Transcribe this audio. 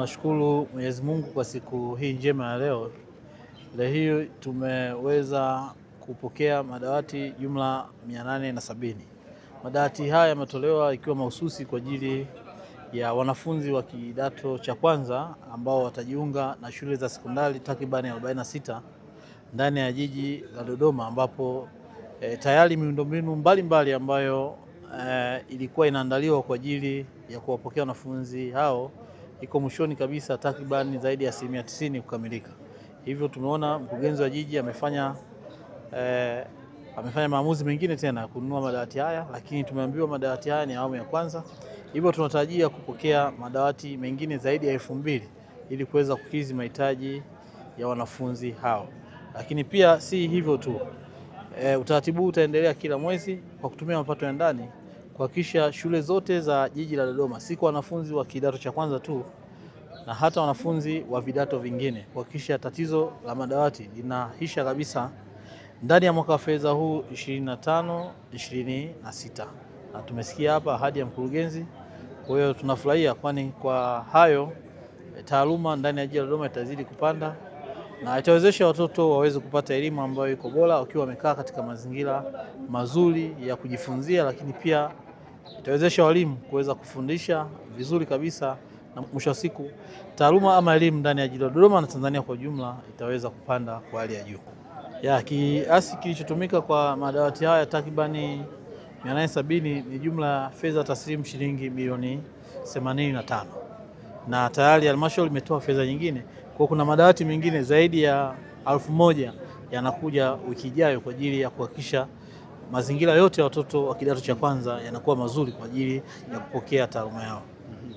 nashukuru Mwenyezi Mungu kwa siku hii njema ya leo. Leo hii tumeweza kupokea madawati jumla 870. Madawati haya yametolewa ikiwa mahususi kwa ajili ya wanafunzi wa kidato cha kwanza ambao watajiunga na shule za sekondari takribani 46 ndani ya jiji la Dodoma ambapo e, tayari miundombinu mbalimbali ambayo e, ilikuwa inaandaliwa kwa ajili ya kuwapokea wanafunzi hao iko mwishoni kabisa, takribani zaidi ya asilimia tisini kukamilika. Hivyo tumeona mkurugenzi wa jiji amefanya eh, amefanya maamuzi mengine tena kununua madawati haya, lakini tumeambiwa madawati haya ni awamu ya kwanza, hivyo tunatarajia kupokea madawati mengine zaidi ya elfu mbili ili kuweza kukidhi mahitaji ya wanafunzi hao. Lakini pia si hivyo tu, e, utaratibu huu utaendelea kila mwezi kwa kutumia mapato ya ndani kuhakikisha shule zote za jiji la Dodoma, si kwa wanafunzi wa kidato cha kwanza tu, na hata wanafunzi wa vidato vingine, kuhakikisha tatizo la madawati linaisha kabisa ndani ya mwaka wa fedha huu 25 26, na tumesikia hapa ahadi ya mkurugenzi. Kwa hiyo tunafurahia, kwani kwa hayo eh, taaluma ndani ya jiji la Dodoma itazidi kupanda na itawezesha watoto waweze kupata elimu ambayo iko bora wakiwa wamekaa katika mazingira mazuri ya kujifunzia, lakini pia itawezesha walimu kuweza kufundisha vizuri kabisa na mwisho wa siku taaluma ama elimu ndani ya jiji la Dodoma na Tanzania kwa ujumla itaweza kupanda kwa hali ya juu. Ya kiasi kilichotumika kwa madawati haya takribani 870 ni jumla ya fedha taslimu shilingi milioni 85, na tayari halmashauri imetoa fedha nyingine, kwa kuna madawati mengine zaidi ya elfu moja yanakuja wiki ijayo kwa ajili ya kuhakikisha mazingira yote ya watoto wa kidato cha kwanza yanakuwa mazuri kwa ajili ya kupokea taaluma yao.